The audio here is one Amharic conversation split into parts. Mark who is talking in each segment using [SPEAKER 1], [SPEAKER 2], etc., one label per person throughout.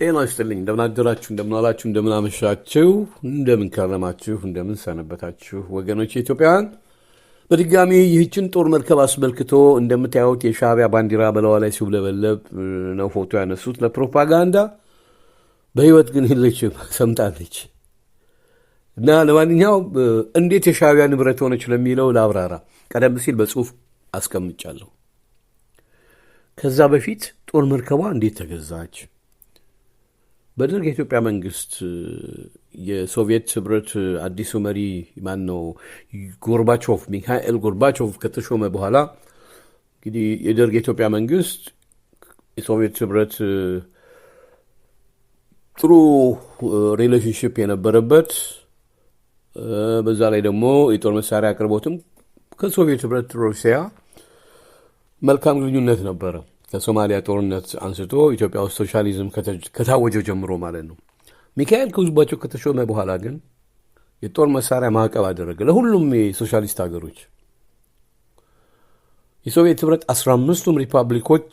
[SPEAKER 1] ጤና ይስጥልኝ። እንደምን አደራችሁ፣ እንደምን አላችሁ፣ እንደምን አመሻችሁ፣ እንደምን ከረማችሁ፣ እንደምን ሰነበታችሁ ወገኖች ኢትዮጵያውያን። በድጋሚ ይህችን ጦር መርከብ አስመልክቶ እንደምታዩት የሻዕቢያ ባንዲራ በለዋ ላይ ሲውለበለብ ነው ፎቶ ያነሱት ለፕሮፓጋንዳ። በህይወት ግን የለችም፣ ሰምጣለች። እና ለማንኛውም እንዴት የሻዕቢያ ንብረት ሆነች ለሚለው ለአብራራ ቀደም ሲል በጽሁፍ አስቀምጫለሁ። ከዛ በፊት ጦር መርከቧ እንዴት ተገዛች? በደርግ የኢትዮጵያ መንግስት የሶቪየት ህብረት አዲሱ መሪ ማን ነው? ጎርባቾቭ ሚካኤል ጎርባቾቭ ከተሾመ በኋላ እንግዲህ የደርግ የኢትዮጵያ መንግስት የሶቪየት ህብረት ጥሩ ሪሌሽንሽፕ የነበረበት በዛ ላይ ደግሞ የጦር መሳሪያ አቅርቦትም ከሶቪየት ህብረት ሩሲያ መልካም ግንኙነት ነበረ። ከሶማሊያ ጦርነት አንስቶ ኢትዮጵያ ውስጥ ሶሻሊዝም ከታወጀው ጀምሮ ማለት ነው። ሚካኤል ከውዝባቸው ከተሾመ በኋላ ግን የጦር መሳሪያ ማዕቀብ አደረገ ለሁሉም የሶሻሊስት ሀገሮች። የሶቪየት ህብረት አስራ አምስቱም ሪፐብሊኮች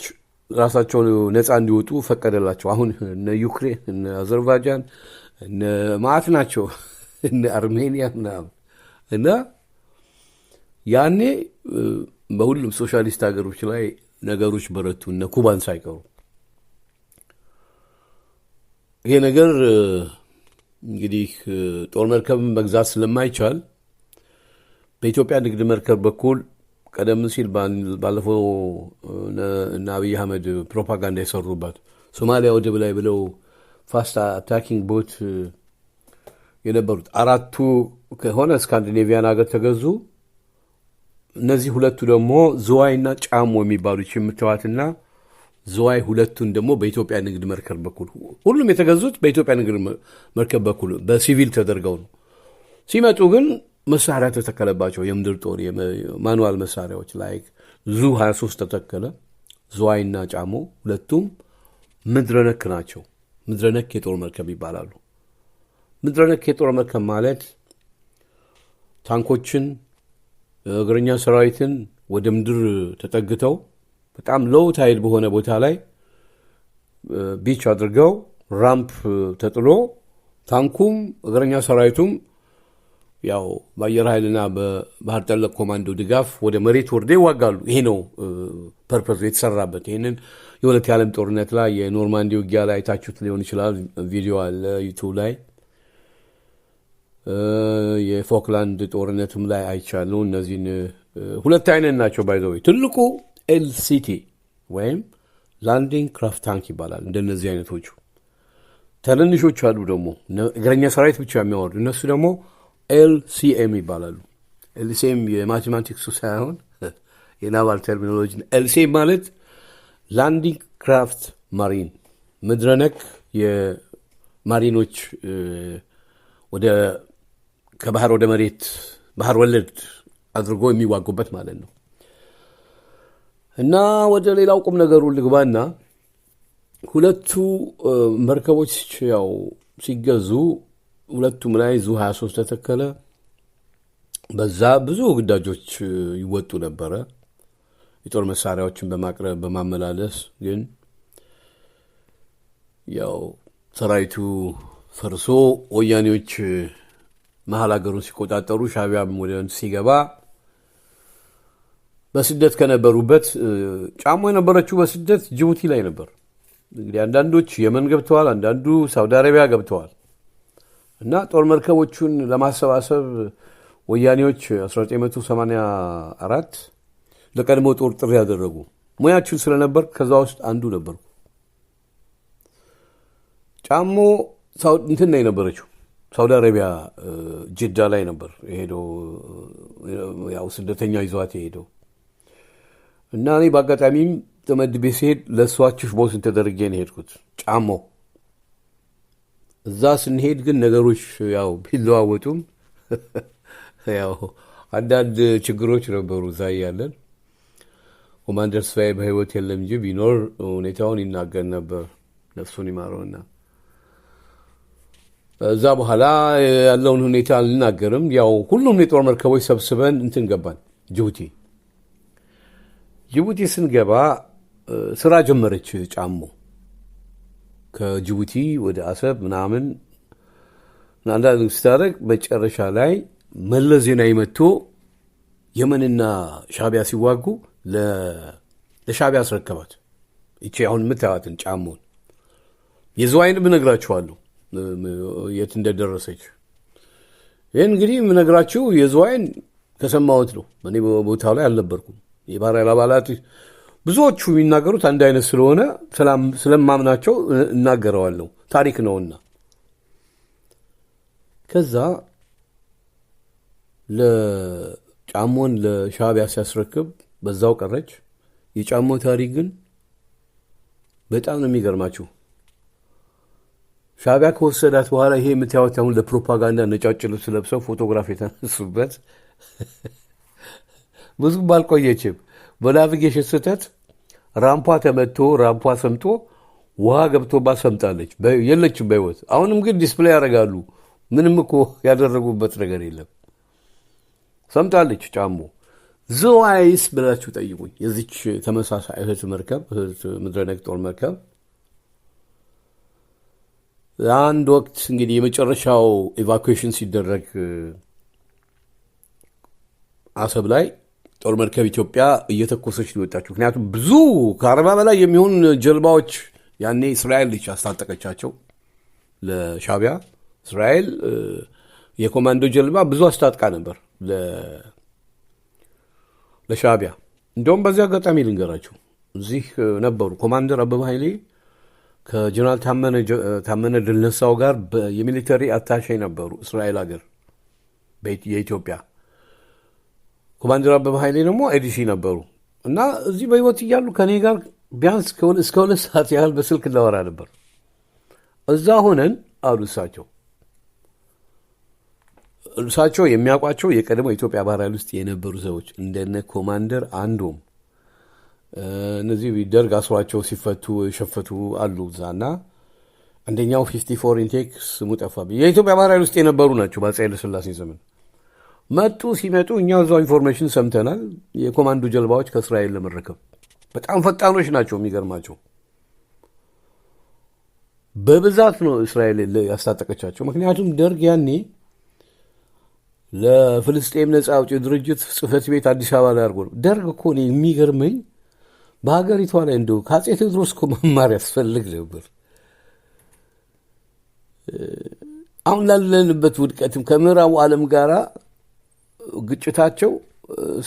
[SPEAKER 1] ራሳቸው ነፃ እንዲወጡ ፈቀደላቸው። አሁን እነ ዩክሬን፣ እነ አዘርባይጃን እነ ማዕት ናቸው እነ አርሜኒያ ምናምን እና ያኔ በሁሉም ሶሻሊስት ሀገሮች ላይ ነገሮች በረቱ እነ ኩባን ሳይቀሩ ይሄ ነገር እንግዲህ ጦር መርከብ መግዛት ስለማይቻል በኢትዮጵያ ንግድ መርከብ በኩል ቀደም ሲል ባለፈው እና አብይ አህመድ ፕሮፓጋንዳ የሰሩባት ሶማሊያ ወደብ ላይ ብለው ፋስት አታኪንግ ቦት የነበሩት አራቱ ከሆነ ስካንዲኔቪያን ሀገር ተገዙ። እነዚህ ሁለቱ ደግሞ ዝዋይና ጫሞ የሚባሉች የምትዋትና ዝዋይ ሁለቱን ደግሞ በኢትዮጵያ ንግድ መርከብ በኩል ሁሉም የተገዙት በኢትዮጵያ ንግድ መርከብ በኩል በሲቪል ተደርገው ነው። ሲመጡ ግን መሳሪያ ተተከለባቸው። የምድር ጦር ማኑዋል መሳሪያዎች ላይ ዙ 23 ተተከለ። ዝዋይና ጫሞ ሁለቱም ምድረነክ ናቸው። ምድረነክ የጦር መርከብ ይባላሉ። ምድረነክ የጦር መርከብ ማለት ታንኮችን እግረኛ ሰራዊትን ወደ ምድር ተጠግተው በጣም ሎው ታይድ በሆነ ቦታ ላይ ቢች አድርገው ራምፕ ተጥሎ ታንኩም እግረኛ ሰራዊቱም ያው በአየር ኃይልና በባህር ጠለቅ ኮማንዶ ድጋፍ ወደ መሬት ወርደ ይዋጋሉ። ይሄ ነው ፐርፐዝ የተሰራበት። ይህንን የሁለት የዓለም ጦርነት ላይ የኖርማንዲ ውጊያ ላይ አይታችሁት ሊሆን ይችላል። ቪዲዮ አለ ዩቱብ ላይ የፎክላንድ ጦርነትም ላይ አይቻለሁ። እነዚህን ሁለት አይነት ናቸው ባይዘወ ትልቁ ኤልሲቲ ወይም ላንዲንግ ክራፍት ታንክ ይባላል። እንደነዚህ አይነቶቹ ትንንሾች አሉ ደግሞ እግረኛ ሰራዊት ብቻ የሚያወርዱ እነሱ ደግሞ ኤልሲኤም ይባላሉ። ኤልሲኤም የማቴማቲክሱ ሳይሆን የናቫል ተርሚኖሎጂ ኤልሲኤም ማለት ላንዲንግ ክራፍት ማሪን ምድረነክ የማሪኖች ወደ ከባህር ወደ መሬት ባህር ወለድ አድርጎ የሚዋጉበት ማለት ነው። እና ወደ ሌላው ቁም ነገሩ ልግባና ሁለቱ መርከቦች ያው ሲገዙ ሁለቱም ላይ ዙ 23 ተተከለ። በዛ ብዙ ግዳጆች ይወጡ ነበረ፣ የጦር መሳሪያዎችን በማቅረብ በማመላለስ ግን ያው ሰራዊቱ ፈርሶ ወያኔዎች መሀል ሀገሩን ሲቆጣጠሩ ሻቢያም ወደ ሲገባ በስደት ከነበሩበት ጫሞ የነበረችው በስደት ጅቡቲ ላይ ነበር። እንግዲህ አንዳንዶች የመን ገብተዋል፣ አንዳንዱ ሳውዲ አረቢያ ገብተዋል እና ጦር መርከቦቹን ለማሰባሰብ ወያኔዎች 1984 ለቀድሞ ጦር ጥሪ ያደረጉ ሙያችን ስለነበር ከዛ ውስጥ አንዱ ነበርኩ። ጫሞ እንትን ነው የነበረችው ሳውዲ አረቢያ ጅዳ ላይ ነበር የሄደው። ያው ስደተኛ ይዟት የሄደው እና እኔ በአጋጣሚም ጥመድ ቤት ሲሄድ ለእሷ ቦስን ተደርጌ ነው ሄድኩት ጫሞ። እዛ ስንሄድ ግን ነገሮች ያው ቢለዋወጡም ያው አንዳንድ ችግሮች ነበሩ። እዛ እያለን ኮማንደር ስፋዬ በህይወት የለም እንጂ ቢኖር ሁኔታውን ይናገር ነበር ነፍሱን ይማረውና እዛ በኋላ ያለውን ሁኔታ አልናገርም። ያው ሁሉም የጦር መርከቦች ሰብስበን እንትን ገባን ጅቡቲ። ጅቡቲ ስንገባ ስራ ጀመረች ጫሞ ከጅቡቲ ወደ አሰብ ምናምን አንዳንድ ስታደረግ መጨረሻ ላይ መለስ ዜናዊ መጥቶ የመንና ሻቢያ ሲዋጉ ለሻቢያ አስረከባት። ይቺ አሁን የምታያትን ጫሞን የዝዋይንም እነግራችኋለሁ። የት እንደደረሰች ይህ እንግዲህ የምነግራችሁ የዝዋይን ከሰማሁት ነው። እኔ ቦታው ላይ አልነበርኩም። የባህራይል አባላት ብዙዎቹ የሚናገሩት አንድ አይነት ስለሆነ ስለማምናቸው እናገረዋለሁ። ታሪክ ነውና ከዛ ለጫሞን ለሻቢያ ሲያስረክብ በዛው ቀረች። የጫሞ ታሪክ ግን በጣም ነው የሚገርማችሁ። ሻቢያ ከወሰዳት በኋላ ይሄ የምታዩት አሁን ለፕሮፓጋንዳ ነጫጭ ልብስ ለብሰው ፎቶግራፍ የተነሱበት ብዙም አልቆየችም። በናቪጌሽን ስህተት ራምፓ ተመቶ ራምፓ ሰምጦ ውሃ ገብቶባት ሰምጣለች። የለችም በሕይወት አሁንም ግን ዲስፕሌይ ያደርጋሉ። ምንም እኮ ያደረጉበት ነገር የለም። ሰምጣለች። ጫሞ ዘዋይስ ብላችሁ ጠይቁኝ። የዚች ተመሳሳይ እህት መርከብ እህት ምድረነግ ጦር መርከብ አንድ ወቅት እንግዲህ የመጨረሻው ኢቫኩዌሽን ሲደረግ አሰብ ላይ ጦር መርከብ ኢትዮጵያ እየተኮሰች ነው ምክንያቱም ብዙ ከአርባ በላይ የሚሆን ጀልባዎች ያኔ እስራኤል ልጅ አስታጠቀቻቸው ለሻቢያ። እስራኤል የኮማንዶ ጀልባ ብዙ አስታጥቃ ነበር ለሻቢያ። እንዲሁም በዚህ አጋጣሚ ልንገራቸው፣ እዚህ ነበሩ ኮማንደር አበበ ኃይሌ ከጀነራል ታመነ ድልነሳው ጋር የሚሊተሪ አታሼ ነበሩ እስራኤል ሀገር የኢትዮጵያ ኮማንደር አበበ ኃይሌ ደግሞ ኤዲሲ ነበሩ እና እዚህ በህይወት እያሉ ከኔ ጋር ቢያንስ እስከ ሁለት ሰዓት ያህል በስልክ እናወራ ነበር። እዛ ሆነን አሉ እሳቸው እሳቸው የሚያውቋቸው የቀድሞ ኢትዮጵያ ባህር ኃይል ውስጥ የነበሩ ሰዎች እንደነ ኮማንደር አንዶም እነዚህ ደርግ አስሯቸው ሲፈቱ የሸፈቱ አሉ እዛና አንደኛው ፊፍቲ ፎር ኢንቴክ ስሙ ጠፋብኝ። የኢትዮጵያ ባህር ኃይል ውስጥ የነበሩ ናቸው በአፄ ኃይለሥላሴ ዘመን መጡ። ሲመጡ እኛ እዛው ኢንፎርሜሽን ሰምተናል። የኮማንዶ ጀልባዎች ከእስራኤል ለመረከብ በጣም ፈጣኖች ናቸው። የሚገርማቸው በብዛት ነው እስራኤል ያስታጠቀቻቸው። ምክንያቱም ደርግ ያኔ ለፍልስጤም ነጻ አውጪ ድርጅት ጽህፈት ቤት አዲስ አበባ ላይ አድርጎ ነው። ደርግ እኮ እኔ የሚገርመኝ በሀገሪቷ ላይ እንደው ከአጼ ቴዎድሮስ እኮ መማር ያስፈልግ ነበር። አሁን ላለንበት ውድቀትም ከምዕራቡ ዓለም ጋር ግጭታቸው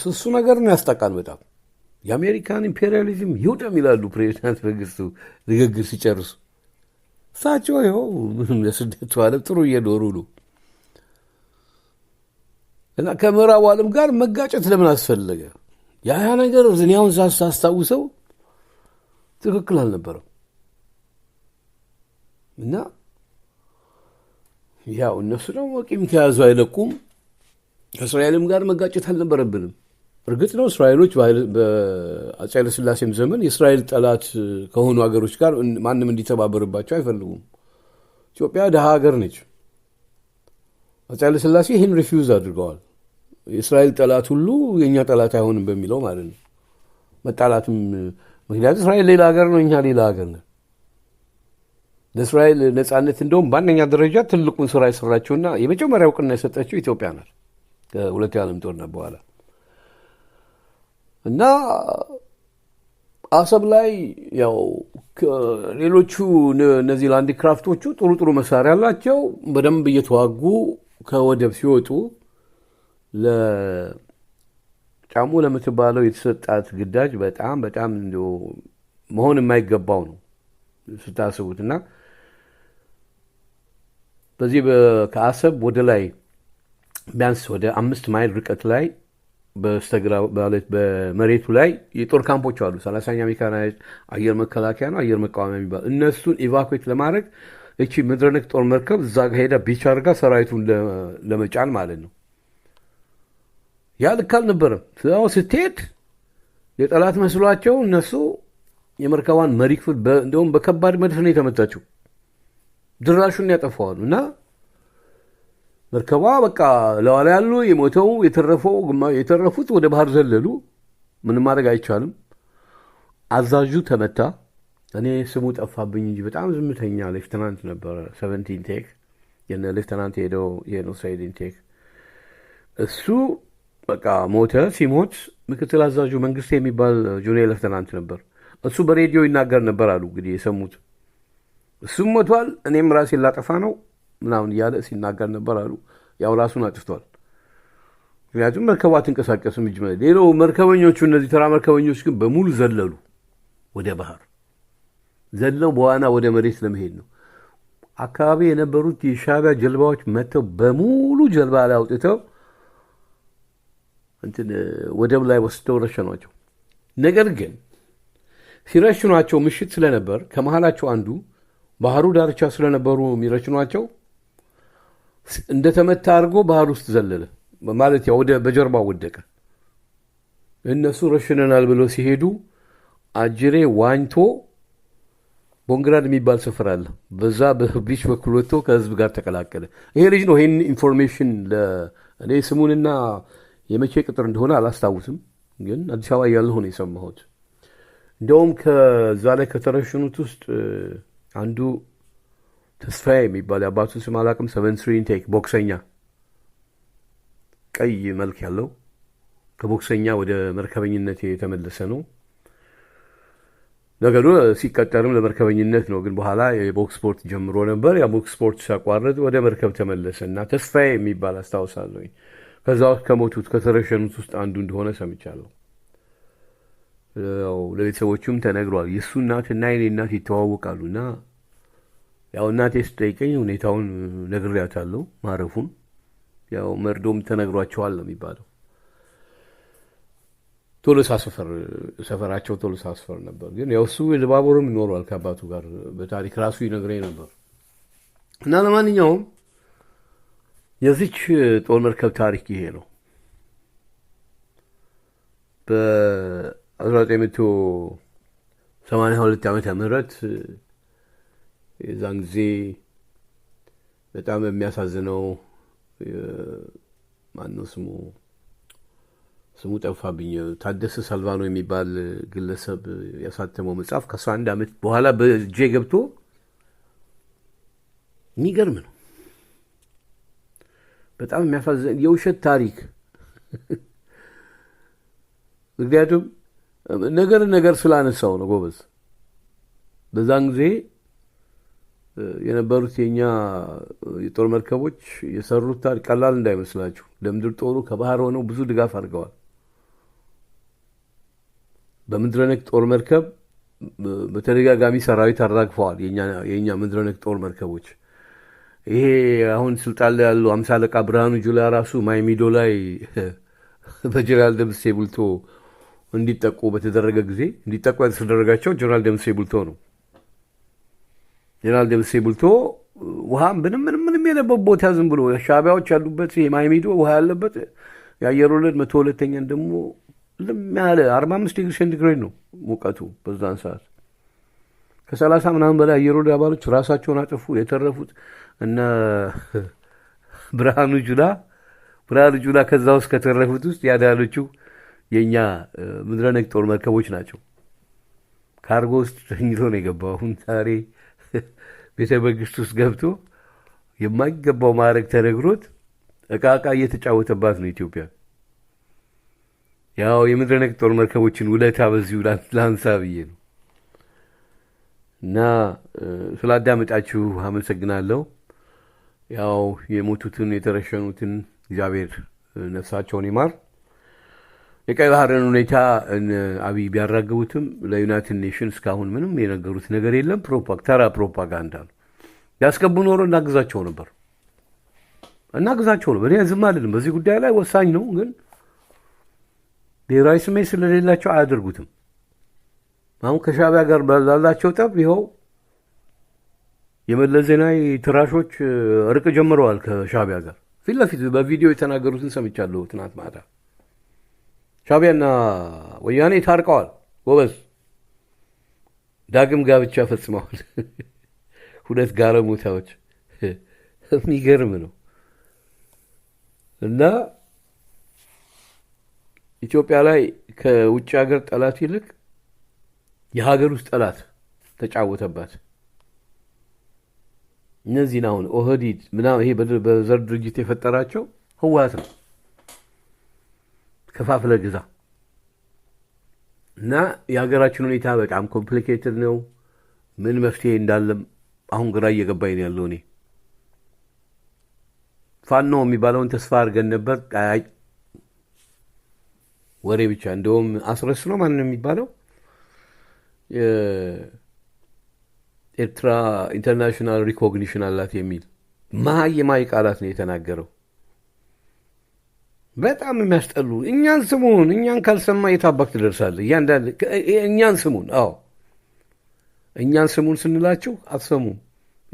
[SPEAKER 1] ስሱ ነገር ነው፣ ያስጠቃል በጣም የአሜሪካን ኢምፔሪያሊዝም ይውደም ይላሉ ፕሬዚዳንት መንግስቱ ንግግር ሲጨርሱ። እሳቸው ይኸው ምንም ለስደቱ ዓለም ጥሩ እየኖሩ ነው እና ከምዕራቡ ዓለም ጋር መጋጨት ለምን አስፈለገ? ያ ነገር እኔ ሳስታውሰው ትክክል አልነበረም እና ያው እነሱ ደግሞ ቂም ከያዙ አይለቁም። ከእስራኤልም ጋር መጋጨት አልነበረብንም። እርግጥ ነው እስራኤሎች በአፄ ኃይለሥላሴም ዘመን የእስራኤል ጠላት ከሆኑ ሀገሮች ጋር ማንም እንዲተባበርባቸው አይፈልጉም። ኢትዮጵያ ድሃ ሀገር ነች። አፄ ኃይለሥላሴ ይህን ሪፊውዝ አድርገዋል። የእስራኤል ጠላት ሁሉ የእኛ ጠላት አይሆንም በሚለው ማለት ነው። መጣላትም ምክንያቱ እስራኤል ሌላ ሀገር ነው፣ እኛ ሌላ ሀገር ነን። ለእስራኤል ነጻነት እንደውም በአንደኛ ደረጃ ትልቁን ስራ የሰራችውና የመጀመሪያ እውቅና የሰጠችው ኢትዮጵያ ናት ከሁለተኛው ዓለም ጦርነት በኋላ እና አሰብ ላይ ያው ሌሎቹ እነዚህ ላንድ ክራፍቶቹ ጥሩ ጥሩ መሳሪያ አላቸው። በደንብ እየተዋጉ ከወደብ ሲወጡ ለጫሙ ለምትባለው የተሰጣት ግዳጅ በጣም በጣም እንዲያው መሆን የማይገባው ነው ስታስቡት እና በዚህ ከአሰብ ወደ ላይ ቢያንስ ወደ አምስት ማይል ርቀት ላይ በስተግራ ማለት በመሬቱ ላይ የጦር ካምፖች አሉ። ሰላሳኛ ሜካናይዝ አየር መከላከያ ነው አየር መቃወሚያ የሚባል እነሱን ኢቫኩዌት ለማድረግ እቺ ምድረነክ ጦር መርከብ እዛ ሄዳ ቢቻርጋ ሰራዊቱን ለመጫን ማለት ነው። ያ ልክ አልነበረም። ስራው ስትሄድ የጠላት መስሏቸው እነሱ የመርከቧን መሪ ክፍል እንዲሁም በከባድ መድፍ ነው የተመታችው። ድራሹን ያጠፋዋሉ እና መርከቧ በቃ ለዋላ ያሉ የሞተው የተረፈው የተረፉት ወደ ባህር ዘለሉ። ምንም ማድረግ አይቻልም። አዛዡ ተመታ። እኔ ስሙ ጠፋብኝ እንጂ በጣም ዝምተኛ ሌፍትናንት ነበረ። ሰቨንቲን ቴክ የነ ሌፍተናንት ሄኖክ ሰይድ ኢንቴክ እሱ በቃ ሞተ። ሲሞት ምክትል አዛዡ መንግስት የሚባል ጁኒየር ለፍተናንት ነበር። እሱ በሬዲዮ ይናገር ነበር አሉ እንግዲህ የሰሙት። እሱም ሞቷል፣ እኔም ራሴን ላጠፋ ነው ምናምን እያለ ሲናገር ነበር አሉ። ያው ራሱን አጥፍቷል። ምክንያቱም መርከቧ አትንቀሳቀስም። እጅ ሌላው መርከበኞቹ እነዚህ ተራ መርከበኞች ግን በሙሉ ዘለሉ ወደ ባህር ዘለው በዋና ወደ መሬት ለመሄድ ነው። አካባቢ የነበሩት የሻቢያ ጀልባዎች መጥተው በሙሉ ጀልባ ላይ አውጥተው ወደብ ላይ ወስደው ረሸኗቸው። ነገር ግን ሲረሽኗቸው ምሽት ስለነበር ከመሃላቸው አንዱ ባህሩ ዳርቻ ስለነበሩ የሚረሽኗቸው እንደተመታ አድርጎ ባህር ውስጥ ዘለለ ማለት ያው ወደ በጀርባ ወደቀ። እነሱ ረሽነናል ብለው ሲሄዱ አጅሬ ዋኝቶ ቦንግራድ የሚባል ስፍራ አለ። በዛ በቢች በኩል ወጥቶ ከህዝብ ጋር ተቀላቀለ። ይሄ ልጅ ነው ይህን ኢንፎርሜሽን ለእኔ ስሙንና የመቼ ቅጥር እንደሆነ አላስታውስም፣ ግን አዲስ አበባ እያለሁ ነው የሰማሁት። እንደውም ከዛ ላይ ከተረሸኑት ውስጥ አንዱ ተስፋዬ የሚባል የአባቱን ስም አላውቅም፣ ሰቨንስሪ ኢንቴክ ቦክሰኛ፣ ቀይ መልክ ያለው ከቦክሰኛ ወደ መርከበኝነት የተመለሰ ነው። ነገሩ ሲቀጠርም ለመርከበኝነት ነው፣ ግን በኋላ የቦክስ ስፖርት ጀምሮ ነበር። ያ ቦክስ ስፖርት ሲያቋረጥ ወደ መርከብ ተመለሰ እና ተስፋዬ የሚባል አስታውሳለሁኝ ከዛ ውስጥ ከሞቱት ከተረሸኑት ውስጥ አንዱ እንደሆነ ሰምቻለሁ። ያው ለቤተሰቦቹም ተነግሯል። የእሱ እናትና የኔ እናት ይተዋወቃሉ እና ያው እናቴ ስጠይቀኝ ሁኔታውን ነግሬያታለሁ ማረፉን። ያው መርዶም ተነግሯቸዋል ነው የሚባለው። ቶሎ ሰፈር ሰፈራቸው ቶሎ ሳስፈር ነበር። ግን ያው እሱ የልባቦርም ይኖሯል ከአባቱ ጋር በታሪክ ራሱ ይነግረኝ ነበር እና ለማንኛውም የዚች ጦር መርከብ ታሪክ ይሄ ነው። በ1982 ዓመተ ምህረት የዛን ጊዜ በጣም የሚያሳዝነው ማነው ስሙ ስሙ ጠፋብኝ። ታደሰ ሰልቫኖ የሚባል ግለሰብ ያሳተመው መጽሐፍ ከአስራ 11 ዓመት በኋላ በእጄ ገብቶ የሚገርም ነው። በጣም የሚያሳዝን የውሸት ታሪክ። ምክንያቱም ነገር ነገር ስላነሳው ነው ጎበዝ። በዛን ጊዜ የነበሩት የእኛ የጦር መርከቦች የሰሩት ታሪክ ቀላል እንዳይመስላችሁ። ለምድር ጦሩ ከባህር ሆነው ብዙ ድጋፍ አድርገዋል። በምድረነክ ጦር መርከብ በተደጋጋሚ ሰራዊት አራግፈዋል። የእኛ ምድረነክ ጦር መርከቦች ይሄ አሁን ስልጣን ላይ ያለው አምሳ አለቃ ብርሃኑ ጁላ ራሱ ማይሚዶ ላይ በጀነራል ደምሴ ቡልቶ እንዲጠቁ በተደረገ ጊዜ እንዲጠቁ ያተደረጋቸው ጀነራል ደምሴ ቡልቶ ነው። ጀነራል ደምሴ ቡልቶ ውሃ ምንም ምንም ምንም የለበት ቦታ ዝም ብሎ ሻቢያዎች ያሉበት ይሄ ማይሚዶ ውሃ ያለበት የአየር ወለድ መቶ ሁለተኛን ደግሞ ልም ያለ አርባ አምስት ዲግሪ ሴንቲግሬድ ነው ሙቀቱ በዛን ሰዓት ከሰላሳ ምናምን በላይ አየር ወለድ አባሎች ራሳቸውን አጠፉ። የተረፉት እነ ብርሃኑ ጁላ ብርሃኑ ጁላ ከዛ ውስጥ ከተረፉት ውስጥ ያዳለችው የእኛ ምድረነክ ጦር መርከቦች ናቸው። ካርጎ ውስጥ ተኝቶ ነው የገባው። አሁን ዛሬ ቤተ መንግስት ውስጥ ገብቶ የማይገባው ማዕረግ ተነግሮት እቃ እቃ እየተጫወተባት ነው ኢትዮጵያ። ያው የምድረነክ ጦር መርከቦችን ውለታ በዚሁ ላንሳ ብዬ ነው። እና ስላዳመጣችሁ አመሰግናለሁ። ያው የሞቱትን የተረሸኑትን እግዚአብሔር ነፍሳቸውን ይማር። የቀይ ባህርን ሁኔታ አብይ ቢያራግቡትም ለዩናይትድ ኔሽንስ እስካሁን ምንም የነገሩት ነገር የለም። ተራ ፕሮፓጋንዳ ነው። ያስገቡ ኖሮ እናግዛቸው ነበር፣ እናግዛቸው ነበር። እኔ ዝም አልልም። በዚህ ጉዳይ ላይ ወሳኝ ነው፣ ግን ብሔራዊ ስሜት ስለሌላቸው አያደርጉትም። አሁን ከሻቢያ ጋር ባላቸው ጠብ ይኸው የመለስ ዜናዊ ትራሾች እርቅ ጀምረዋል ከሻቢያ ጋር ፊት ለፊት በቪዲዮ የተናገሩትን ሰምቻለሁ ትናንት ማታ። ሻቢያና ወያኔ ታርቀዋል ጎበዝ፣ ዳግም ጋብቻ ፈጽመዋል። ሁለት ጋለሞታዎች የሚገርም ነው። እና ኢትዮጵያ ላይ ከውጭ ሀገር ጠላት ይልቅ የሀገር ውስጥ ጠላት ተጫወተባት። እነዚህን አሁን ኦህዲድ ምናምን ይሄ በዘር ድርጅት የፈጠራቸው ህዋት ነው። ከፋፍለ ግዛ እና የሀገራችን ሁኔታ በጣም ኮምፕሊኬትድ ነው። ምን መፍትሄ እንዳለም አሁን ግራ እየገባኝ ነው ያለው። እኔ ፋኖ የሚባለውን ተስፋ አድርገን ነበር። ወሬ ብቻ እንደውም አስረስ ነው ማን የሚባለው ኤርትራ ኢንተርናሽናል ሪኮግኒሽን አላት የሚል መሀይማዊ ቃላት ነው የተናገረው። በጣም የሚያስጠሉ እኛን ስሙን፣ እኛን ካልሰማ የታባክ ትደርሳለህ። እያንዳንድ እኛን ስሙን፣ አዎ እኛን ስሙን ስንላችሁ አትሰሙም።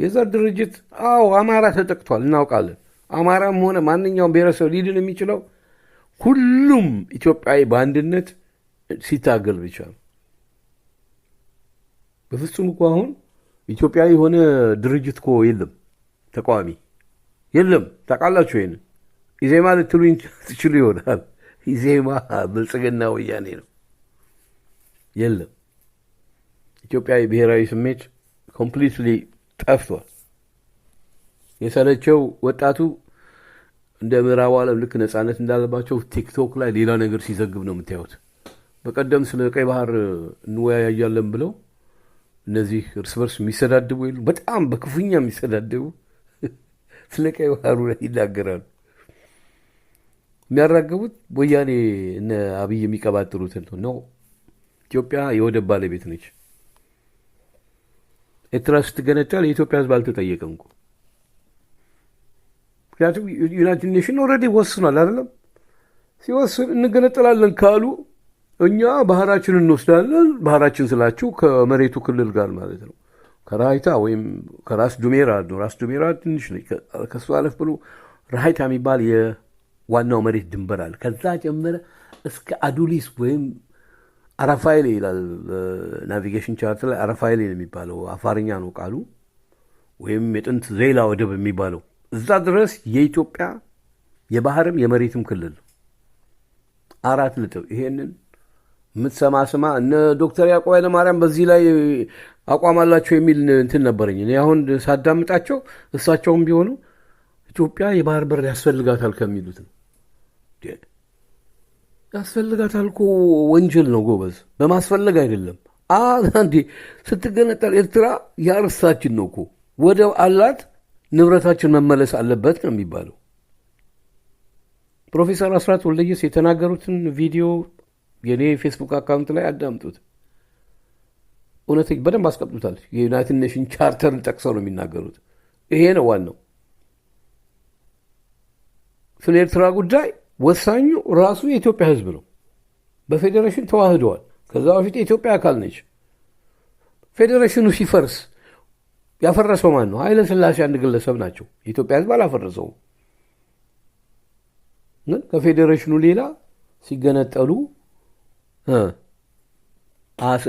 [SPEAKER 1] የዘር ድርጅት አዎ፣ አማራ ተጠቅቷል፣ እናውቃለን። አማራም ሆነ ማንኛውም ብሔረሰብ ሊድን የሚችለው ሁሉም ኢትዮጵያዊ በአንድነት ሲታገል ብቻ ነው። በፍጹም እኮ አሁን ኢትዮጵያ የሆነ ድርጅት እኮ የለም፣ ተቃዋሚ የለም። ታውቃላችሁ ይሄንን ኢዜማ ልትሉኝ ትችሉ ይሆናል። ኢዜማ ብልጽግና ወያኔ ነው። የለም ኢትዮጵያ የብሔራዊ ስሜት ኮምፕሊትሊ ጠፍቷል። የሰለቸው ወጣቱ እንደ ምዕራቡ ዓለም ልክ ነፃነት እንዳለባቸው ቲክቶክ ላይ ሌላ ነገር ሲዘግብ ነው የምታዩት። በቀደም ስለ ቀይ ባህር እንወያያለን ብለው እነዚህ እርስ በርስ የሚሰዳድቡ የሉ በጣም በክፉኛ የሚሰዳድቡ ስለ ቀይ ባህሩ ላይ ይናገራሉ። የሚያራግቡት ወያኔ እነ አብይ የሚቀባጥሩትን ነው። ኢትዮጵያ የወደብ ባለቤት ነች። ኤርትራ ስትገነጠል የኢትዮጵያ ሕዝብ አልተጠየቀም እኮ ምክንያቱም ዩናይትድ ኔሽን ኦልሬዲ ወስኗል አይደለም። ሲወስን እንገነጠላለን ካሉ እኛ ባህራችን እንወስዳለን። ባህራችን ስላችሁ ከመሬቱ ክልል ጋር ማለት ነው። ከራይታ ወይም ከራስ ዱሜራ ነው። ራስ ዱሜራ ትንሽ ነች። ከሱ አለፍ ብሎ ራይታ የሚባል የዋናው መሬት ድንበር አለ። ከዛ ጀምረ እስከ አዱሊስ ወይም አረፋይሌ ይላል ናቪጌሽን ቻርት ላይ አረፋይሌ ነው የሚባለው። አፋርኛ ነው ቃሉ ወይም የጥንት ዜላ ወደብ የሚባለው እዛ ድረስ የኢትዮጵያ የባህርም የመሬትም ክልል አራት ነጥብ ይሄንን የምትሰማ ስማ። እነ ዶክተር ያዕቆብ ኃይለማርያም በዚህ ላይ አቋም አላቸው የሚል እንትን ነበረኝ። እኔ አሁን ሳዳምጣቸው እሳቸውም ቢሆኑ ኢትዮጵያ የባህር በር ያስፈልጋታል ከሚሉት ነው። ያስፈልጋታል እኮ ወንጀል ነው ጎበዝ፣ በማስፈለግ አይደለም። አንዴ ስትገነጠል ኤርትራ የአርስታችን ነው እኮ ወደ አላት፣ ንብረታችን መመለስ አለበት ነው የሚባለው። ፕሮፌሰር አስራት ወልደየስ የተናገሩትን ቪዲዮ የእኔ የፌስቡክ አካውንት ላይ አዳምጡት። እውነት በደንብ አስቀምጡታል። የዩናይትድ ኔሽን ቻርተርን ጠቅሰው ነው የሚናገሩት። ይሄ ነው ዋናው። ስለ ኤርትራ ጉዳይ ወሳኙ ራሱ የኢትዮጵያ ሕዝብ ነው። በፌዴሬሽን ተዋህደዋል። ከዛ በፊት የኢትዮጵያ አካል ነች። ፌዴሬሽኑ ሲፈርስ ያፈረሰው ማን ነው? ኃይለ ሥላሴ አንድ ግለሰብ ናቸው። የኢትዮጵያ ሕዝብ አላፈረሰውም። ከፌዴሬሽኑ ሌላ ሲገነጠሉ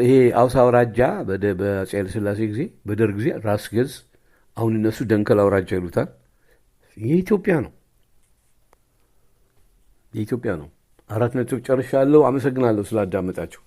[SPEAKER 1] ይሄ አውሳ አውራጃ በአፄ ኃይለሥላሴ ጊዜ በደርግ ጊዜ ራስ ገዝ፣ አሁን እነሱ ደንከል አውራጃ ይሉታል። የኢትዮጵያ ነው የኢትዮጵያ ነው። አራት ነጥብ ጨርሻለሁ። አመሰግናለሁ ስላዳመጣችሁ።